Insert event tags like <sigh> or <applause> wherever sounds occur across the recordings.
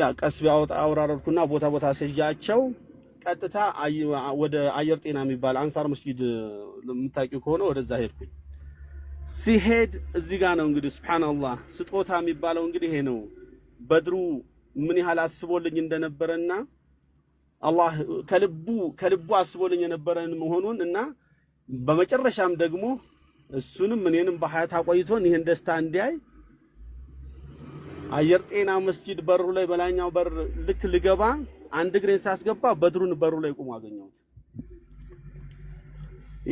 ያ ቀስ ቢያወጣ አወራረድኩና ቦታ ቦታ ሰጃቸው ቀጥታ ወደ አየር ጤና የሚባል አንሳር መስጊድ የምታውቂው ከሆነ ወደዛ ሄድኩኝ። ሲሄድ እዚህ ጋር ነው እንግዲህ ሱብሃንአላህ ስጦታ የሚባለው እንግዲህ ይሄ ነው። በድሩ ምን ያህል አስቦልኝ እንደነበረና አላህ ከልቡ ከልቡ አስቦልኝ የነበረን መሆኑን እና በመጨረሻም ደግሞ እሱንም እኔንም በሀያት አቆይቶን ይሄን ደስታ እንዲያይ አየር ጤና መስጂድ በሩ ላይ በላይኛው በር ልክ ልገባ አንድ እግሬን ሳስገባ በድሩን በሩ ላይ ቆሞ አገኘሁት።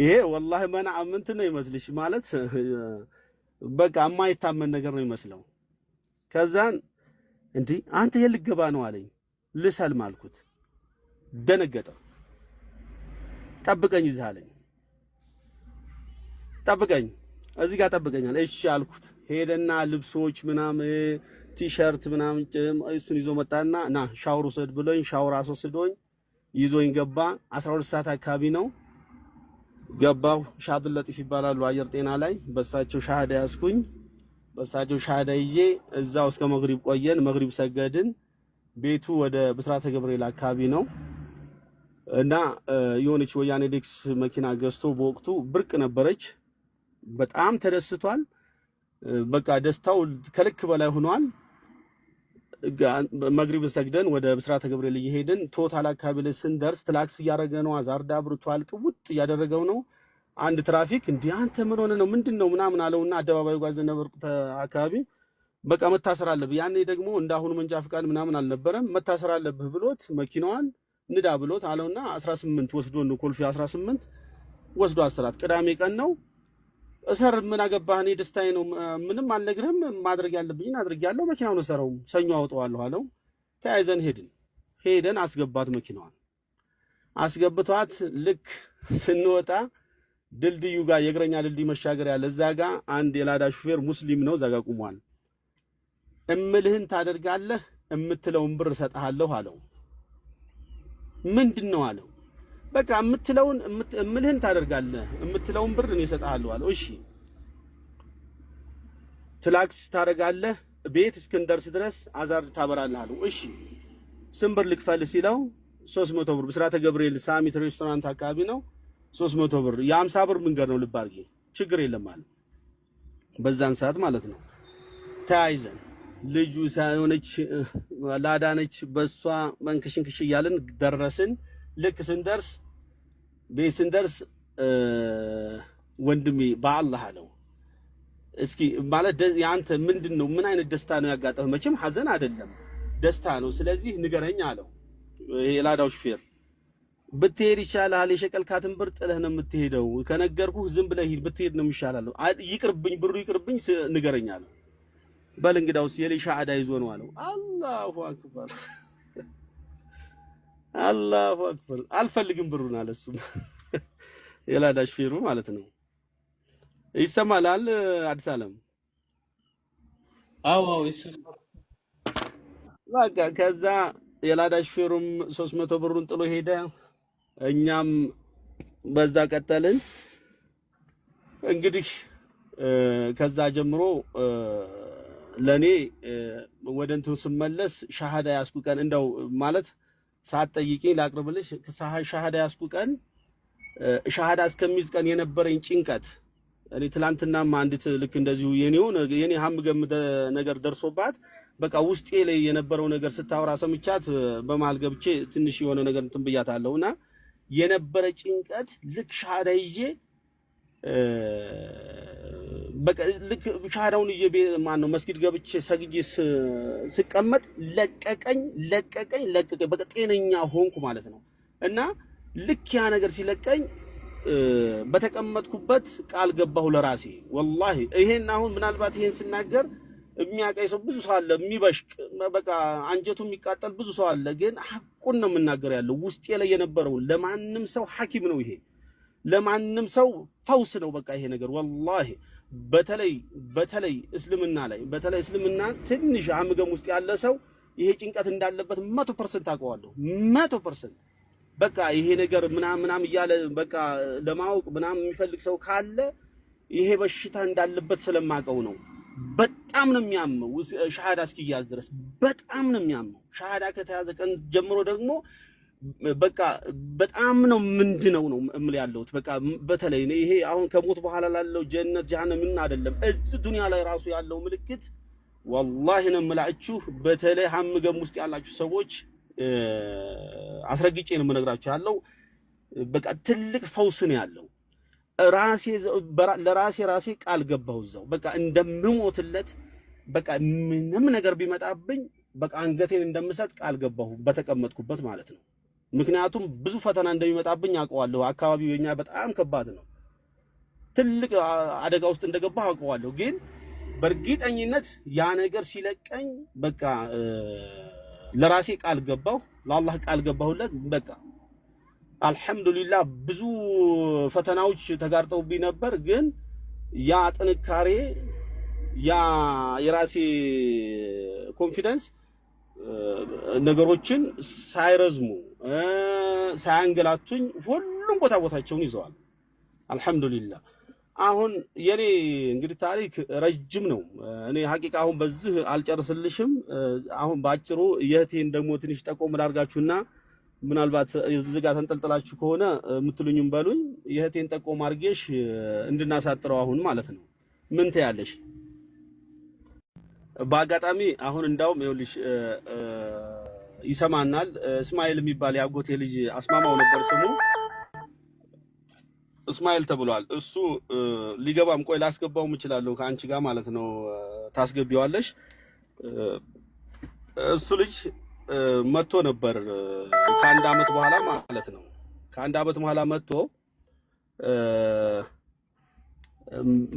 ይሄ ወላሂ መና ምንት ነው ይመስልሽ? ማለት በቃ የማይታመን ነገር ነው ይመስለው። ከዛን እንዲህ አንተ የልገባ ነው አለኝ። ልሰልም አልኩት። ደነገጠ። ጠብቀኝ ይዛ አለኝ። ጠብቀኝ እዚህ ጋር ጠብቀኛል። እሺ አልኩት። ሄደና ልብሶች ምናምን ቲሸርት ምናምን እሱን ይዞ መጣና ና ሻወር ውሰድ ብሎኝ ሻወር አስወስዶኝ ይዞኝ ገባ። 12 ሰዓት አካባቢ ነው ገባሁ። ሻህ ለጥፍ ይባላሉ አየር ጤና ላይ በሳቸው ሻሃዳ ያስኩኝ። በሳቸው ሻሃዳ ይዤ እዛው እስከ መግሪብ ቆየን። መግሪብ ሰገድን። ቤቱ ወደ ብስራተ ገብርኤል አካባቢ ነው እና የሆነች ወያኔ መኪና ገዝቶ በወቅቱ ብርቅ ነበረች። በጣም ተደስቷል። በቃ ደስታው ከልክ በላይ ሆኗል። መግሪብ ሰግደን ወደ ብስራተ ገብርኤል እየሄድን ቶታል አካባቢ ላይ ስንደርስ ትላክስ እያደረገ ነው። አዛርዳ ብርቱ አልቅውጥ እያደረገው ነው። አንድ ትራፊክ እንዲህ አንተ ምን ሆነ ነው ምንድን ነው ምናምን አለውና አደባባይ ጓዝ ነበር አካባቢ በቃ መታሰር አለብህ። ያኔ ደግሞ እንደ አሁኑ መንጃ ፍቃድ ምናምን አልነበረም። መታሰር አለብህ ብሎት መኪናዋን ንዳ ብሎት አለውና 18 ወስዶ ነው ኮልፌ 18 ወስዶ አሰራት። ቅዳሜ ቀን ነው እሰር ምን አገባህ? እኔ ደስታዬ ነው። ምንም አልነግርህም። ማድረግ ያለብኝን አድርጌያለሁ። መኪናውን እሰረው፣ ሰኞ አውጠዋለሁ አለው። ተያይዘን ሄድን። ሄደን አስገባት፣ መኪናዋን አስገብቷት ልክ ስንወጣ ድልድዩ ጋር የእግረኛ ድልድይ መሻገር ያለ እዛ ጋ አንድ የላዳ ሹፌር ሙስሊም ነው፣ እዛ ጋ ቁሟል። እምልህን ታደርጋለህ፣ እምትለውን ብር እሰጥሃለሁ አለው። ምንድን ነው አለው በቃ የምትለውን እምልህን ታደርጋለህ። የምትለውን ብር እኔ እሰጥሃለሁ አለው። እሺ ትላክስ ታደርጋለህ። ቤት እስክንደርስ ድረስ አዛር ታበራለህ አለው። እሺ ስንት ብር ልክፈልህ ሲለው 300 ብር ብስራተ ገብርኤል ሳሚት ሬስቶራንት አካባቢ ነው። 300 መቶ ብር የአምሳ ብር መንገድ ነው ልብ አድርጌ ችግር የለም አለ። በዛን ሰዓት ማለት ነው ተያይዘን ልጁ ሳይሆነች ላዳነች በሷ መንክሽንክሽ እያልን ደረስን። ልክ ስንደርስ ቤት ስንደርስ ወንድሜ በአላህ አለው እስኪ ማለት የአንተ ምንድን ነው? ምን አይነት ደስታ ነው ያጋጠመ? መቼም ሀዘን አይደለም ደስታ ነው። ስለዚህ ንገረኝ አለው። ላዳው ሹፌር ብትሄድ ይሻላል፣ የሸቀልካትን ብር ጥለህ ነው የምትሄደው። ከነገርኩህ ዝም ብለህ ሂድ፣ ብትሄድ ነው የሚሻላል። ይቅርብኝ፣ ብሩ ይቅርብኝ፣ ንገረኝ አለው። በል እንግዳውስ የሌሻ አዳ ይዞ ነው አለው። አላሁ አክበር አላሁ አክበር አልፈልግም ብሩን አለ እሱም <laughs> የላዳሽ ፌሩ ማለት ነው። ይሰማላል አዲስ አለም? አዎ አዎ ይሰማል። በቃ ከዛ የላዳሽ ፌሩም 300 ብሩን ጥሎ ሄደ። እኛም በዛ ቀጠልን። እንግዲህ ከዛ ጀምሮ ለኔ ወደ እንትን ስመለስ ሻሃዳ ያስኩ ቀን እንደው ማለት ሳትጠይቄ ላቅርብልሽ። ሻሃዳ ያስኩ ቀን ሻሃዳ እስከሚዝ ቀን የነበረኝ ጭንቀት እኔ ትላንትናማ አንዲት ልክ እንደዚሁ የኔውን የኔ ሀምገም ነገር ደርሶባት በቃ ውስጤ ላይ የነበረው ነገር ስታወራ ሰምቻት በመሀል ገብቼ ትንሽ የሆነ ነገር እንትን እና የነበረ ጭንቀት ልክ ሻሃዳ ይዤ በቃ ልክ ሻዳውን ይዤ ማን ነው መስጊድ ገብቼ ሰግጄ ስቀመጥ ለቀቀኝ ለቀቀኝ ለቀቀኝ በቃ ጤነኛ ሆንኩ ማለት ነው። እና ልክ ያ ነገር ሲለቀኝ በተቀመጥኩበት ቃል ገባሁ ለራሴ ወላሂ። ይሄን አሁን ምናልባት ይሄን ስናገር የሚያቀይ ሰው ብዙ ሰው አለ፣ የሚበሽቅ በቃ አንጀቱ የሚቃጠል ብዙ ሰው አለ። ግን ሐቁን ነው የምናገር ያለው ውስጤ ላይ የነበረውን ለማንም ሰው ሐኪም ነው ይሄ፣ ለማንም ሰው ፈውስ ነው በቃ ይሄ ነገር ወላሂ በተለይ በተለይ እስልምና ላይ በተለይ እስልምና ትንሽ አምገም ውስጥ ያለ ሰው ይሄ ጭንቀት እንዳለበት መቶ ፐርሰንት አውቀዋለሁ። መቶ ፐርሰንት በቃ ይሄ ነገር ምናም ምናም እያለ በቃ ለማወቅ ምናም የሚፈልግ ሰው ካለ ይሄ በሽታ እንዳለበት ስለማቀው ነው። በጣም ነው የሚያመው ሻሃዳ እስኪያዝ ድረስ በጣም ነው የሚያመው። ሻሃዳ ከተያዘ ቀን ጀምሮ ደግሞ በቃ በጣም ነው ምንድነው ነው እምል ያለሁት። በቃ በተለይ ይሄ አሁን ከሞት በኋላ ላለው ጀነት ጀሃነም ምን አይደለም እዚህ ዱንያ ላይ ራሱ ያለው ምልክት ወላሂ ነው የምላችሁ። በተለይ ሀምገም ውስጥ ያላችሁ ሰዎች አስረግጬ ነው የምነግራችሁ ያለው በቃ ትልቅ ፈውስ ነው ያለው። ራሴ ለራሴ ራሴ ቃል ገባሁ እዛው በቃ እንደምሞትለት በቃ ምንም ነገር ቢመጣብኝ በቃ አንገቴን እንደምሰጥ ቃል ገባሁ በተቀመጥኩበት ማለት ነው። ምክንያቱም ብዙ ፈተና እንደሚመጣብኝ አውቀዋለሁ። አካባቢው የኛ በጣም ከባድ ነው። ትልቅ አደጋ ውስጥ እንደገባሁ አውቀዋለሁ። ግን በእርግጠኝነት ያ ነገር ሲለቀኝ በቃ ለራሴ ቃል ገባሁ፣ ለአላህ ቃል ገባሁለት። በቃ አልሐምዱሊላህ ብዙ ፈተናዎች ተጋርጠውብኝ ነበር። ግን ያ ጥንካሬ፣ ያ የራሴ ኮንፊደንስ ነገሮችን ሳይረዝሙ ሳያንገላቱኝ ሁሉም ቦታ ቦታቸውን ይዘዋል። አልሐምዱሊላ አሁን የኔ እንግዲህ ታሪክ ረጅም ነው። እኔ ሀቂቃ አሁን በዚህ አልጨርስልሽም። አሁን በአጭሩ የእህቴን ደግሞ ትንሽ ጠቆም ላርጋችሁና ምናልባት እዚህ ጋር ተንጠልጥላችሁ ከሆነ የምትሉኝም በሉኝ። የእህቴን ጠቆም አድርጌሽ እንድናሳጥረው አሁን ማለት ነው። ምን ትያለሽ? በአጋጣሚ አሁን እንዳውም ይኸውልሽ ይሰማናል። እስማኤል የሚባል የአጎቴ ልጅ አስማማው ነበር ስሙ፣ እስማኤል ተብሏል። እሱ ሊገባም ቆይ ላስገባውም እችላለሁ ከአንቺ ጋር ማለት ነው፣ ታስገቢዋለሽ። እሱ ልጅ መጥቶ ነበር ከአንድ አመት በኋላ ማለት ነው። ከአንድ አመት በኋላ መጥቶ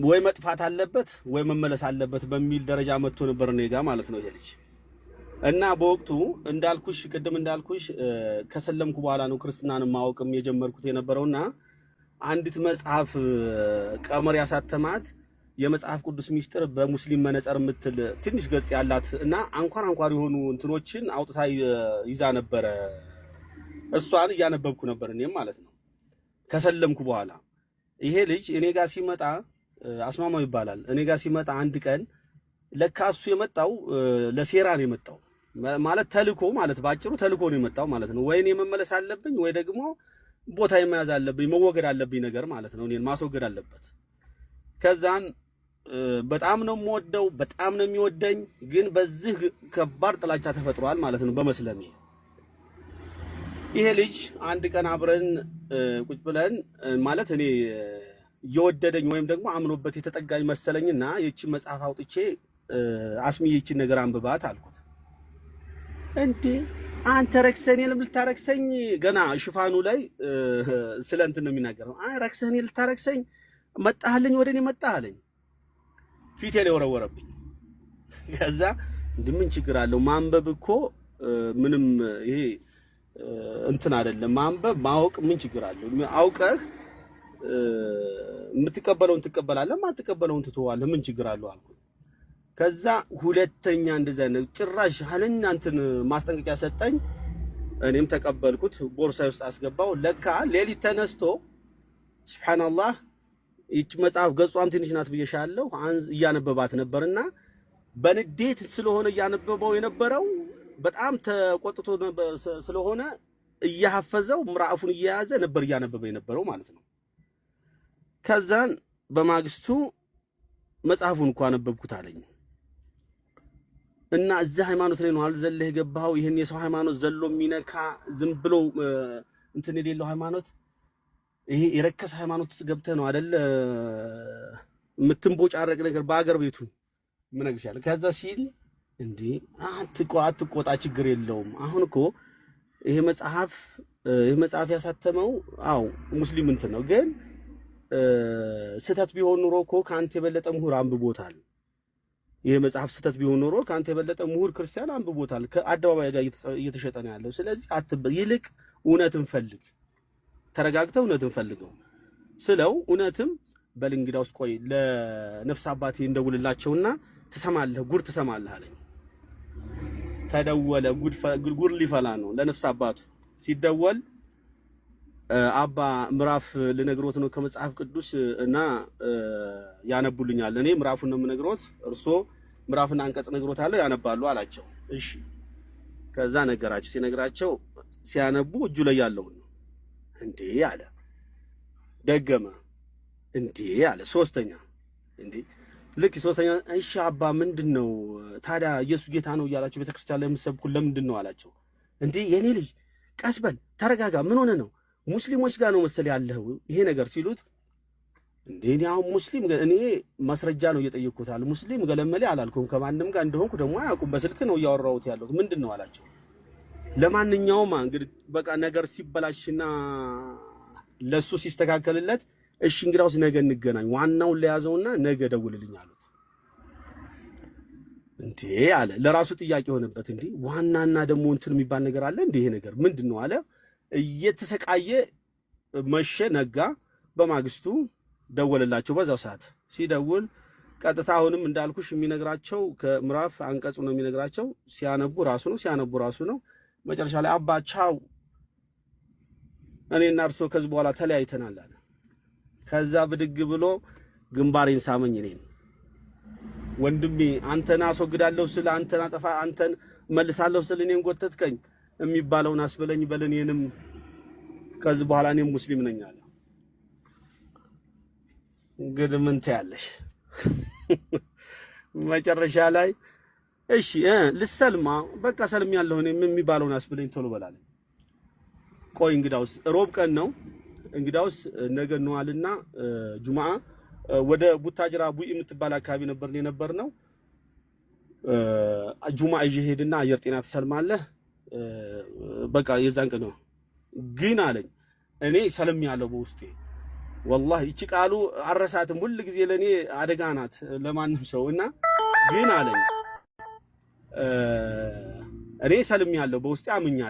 ወይ መጥፋት አለበት ወይ መመለስ አለበት በሚል ደረጃ መጥቶ ነበር እኔ ጋ ማለት ነው ይሄ ልጅ እና በወቅቱ እንዳልኩሽ ቅድም እንዳልኩሽ ከሰለምኩ በኋላ ነው ክርስትናን ማወቅም የጀመርኩት የነበረውና አንዲት መጽሐፍ ቀመር ያሳተማት የመጽሐፍ ቅዱስ ሚስጥር በሙስሊም መነጽር የምትል ትንሽ ገጽ ያላት እና አንኳር አንኳር የሆኑ እንትኖችን አውጥታ ይዛ ነበረ። እሷን እያነበብኩ ነበር እኔም ማለት ነው ከሰለምኩ በኋላ። ይሄ ልጅ እኔ ጋር ሲመጣ አስማማው ይባላል። እኔ ጋር ሲመጣ አንድ ቀን ለካ እሱ የመጣው ለሴራ ነው የመጣው ማለት ተልኮ ማለት ባጭሩ ተልኮ ነው የመጣው ማለት ነው። ወይ እኔ መመለስ አለብኝ ወይ ደግሞ ቦታ የመያዝ አለብኝ መወገድ አለብኝ ነገር ማለት ነው። እኔን ማስወገድ አለበት። ከዛን በጣም ነው የምወደው፣ በጣም ነው የሚወደኝ። ግን በዚህ ከባድ ጥላቻ ተፈጥሯል ማለት ነው በመስለሜ። ይሄ ልጅ አንድ ቀን አብረን ቁጭ ብለን ማለት እኔ የወደደኝ ወይም ደግሞ አምኖበት የተጠጋኝ መሰለኝና ይቺን መጽሐፍ አውጥቼ አስሚ ይቺን ነገር አንብባት አልኩት። እንዴ አንተ ረክሰኔ ልታረክሰኝ? ገና ሽፋኑ ላይ ስለ እንትን ነው የሚናገረው። አይ ረክሰኔ ልታረክሰኝ መጣህልኝ፣ ወደ እኔ መጣህልኝ። ፊቴ ላይ ወረወረብኝ። ከዛ እንድምን ችግር አለው? ማንበብ እኮ ምንም ይሄ እንትን አይደለም። ማንበብ ማወቅ ምን ችግር አለው? አውቀህ የምትቀበለውን ትቀበላለህ፣ ማትቀበለውን ትተዋለህ። ምን ችግር አለው አልኩኝ። ከዛ ሁለተኛ እንደዛ ነው ጭራሽ ሀለኛ እንትን ማስጠንቀቂያ ሰጠኝ። እኔም ተቀበልኩት፣ ቦርሳይ ውስጥ አስገባው። ለካ ሌሊት ተነስቶ ሱብሃንአላህ ይች መጽሐፍ ገጿም ትንሽ ናት ብዬሻለሁ። እያነበባት ነበርና በንዴት ስለሆነ እያነበበው የነበረው በጣም ተቆጥቶ ስለሆነ እያሐፈዘው ምራፉን እየያዘ ነበር እያነበበ የነበረው ማለት ነው። ከዛን በማግስቱ መጽሐፉን እንኳ አነበብኩት አለኝ። እና እዚህ ሃይማኖት ላይ ነው አልዘለህ የገባኸው። ይህን የሰው ሃይማኖት ዘሎ የሚነካ ዝም ብሎ እንትን የሌለው ሃይማኖት፣ ይሄ የረከሰ ሃይማኖት ውስጥ ገብተህ ነው አደለ የምትንቦጫረቅ ነገር በአገር ቤቱ ምነግሻል። ከዛ ሲል እንዲ አትቆጣ፣ ችግር የለውም። አሁን እኮ ይሄ መጽሐፍ ይህ መጽሐፍ ያሳተመው አው ሙስሊም እንትን ነው፣ ግን ስህተት ቢሆን ኑሮ እኮ ከአንተ የበለጠ ምሁር አንብቦታል። የመጽሐፍ ስህተት ቢሆን ኖሮ ከአንተ የበለጠ ምሁር ክርስቲያን አንብቦታል። ከአደባባይ ጋር እየተሸጠ ነው ያለው። ስለዚህ ይልቅ እውነትን ፈልግ፣ ተረጋግተህ እውነትን ፈልገው ስለው እውነትም በል ውስጥ ቆይ ለነፍስ አባቴ እንደውልላቸውና ትሰማለህ፣ ጉድ ትሰማለህ አለኝ። ተደወለ። ጉድ ጉድ ሊፈላ ነው ለነፍስ አባቱ ሲደወል አባ ምዕራፍ ልነግሮት ነው ከመጽሐፍ ቅዱስ እና ያነቡልኛል። እኔ ምዕራፉን ነው የምነግሮት፣ እርሶ ምዕራፍና አንቀጽ አለው ያነባሉ አላቸው። እሺ ከዛ ነገራቸው። ሲነግራቸው ሲያነቡ እጁ ላይ ያለውን ነው እንዴ አለ። ደገመ እንዴ አለ። ሶስተኛ እንዴ ልክ ሶስተኛ እሺ አባ ምንድን ነው ታዲያ ኢየሱስ ጌታ ነው እያላቸው ቤተክርስቲያን ላይ የምትሰብኩት ለምንድን ነው አላቸው። እንዴ የኔ ልጅ ቀስበል ተረጋጋ፣ ምን ሆነ ነው ሙስሊሞች ጋር ነው መሰል ያለው ይሄ ነገር ሲሉት እንዴ እኔ አሁን ሙስሊም እኔ ማስረጃ ነው እየጠየቅኩት ሙስሊም ገለመሌ አላልኩም ከማንም ጋር እንደሆንኩ ደግሞ አያውቁም በስልክ ነው እያወራሁት ያለሁት ምንድን ነው አላቸው ለማንኛውም እንግዲህ በቃ ነገር ሲበላሽና ለሱ ሲስተካከልለት እሺ እንግዲያውስ ነገ እንገናኝ ዋናውን ለያዘውና ነገ ደውልልኝ አሉት እንዴ አለ ለራሱ ጥያቄ የሆነበት እንዲህ ዋናና ደግሞ እንትን የሚባል ነገር አለ እንዴ ይሄ ነገር ምንድን ነው አለ እየተሰቃየ መሸ፣ ነጋ። በማግስቱ ደወለላቸው። በዛው ሰዓት ሲደውል ቀጥታ አሁንም እንዳልኩሽ የሚነግራቸው ከምዕራፍ አንቀጹ ነው የሚነግራቸው። ሲያነቡ ራሱ ነው ሲያነቡ ራሱ ነው። መጨረሻ ላይ አባ ቻው፣ እኔና እርሶ ከዚህ በኋላ ተለያይተናል አለ። ከዛ ብድግ ብሎ ግንባሬን ሳመኝ። እኔን ወንድሜ አንተን አስወግዳለሁ ስለ አንተን አጠፋ አንተን መልሳለሁ ስለ እኔን ጎተትከኝ የሚባለውን አስበለኝ በለን እኔንም ከዚህ በኋላ እኔም ሙስሊም ነኝ አለ። እንግዲህ ምን ትያለሽ? መጨረሻ ላይ እሺ ልሰልማ በቃ ሰልም ያለሁ እኔም የሚባለውን አስብለኝ ቶሎ በላለ። ቆይ እንግዳውስ ሮብ ቀን ነው እንግዳውስ ነገ ነዋልና ጁማአ ወደ ቡታጅራ ቡኢ የምትባል አካባቢ ነበር የነበር ነው ጁማአ ይዤ ሄድና አየር ጤና ትሰልማለህ በቃ የዛን ቀን ነው ግን አለኝ እኔ ሰለም ያለው በውስጤ ወላሂ ይቺ ቃሉ አረሳትም። ሁል ጊዜ ለእኔ አደጋ ናት ለማንም ሰው እና ግን አለኝ እኔ ሰልም ያለው በውስጤ አምኛለሁ።